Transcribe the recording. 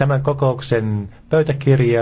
Tämän kokouksen pöytäkirja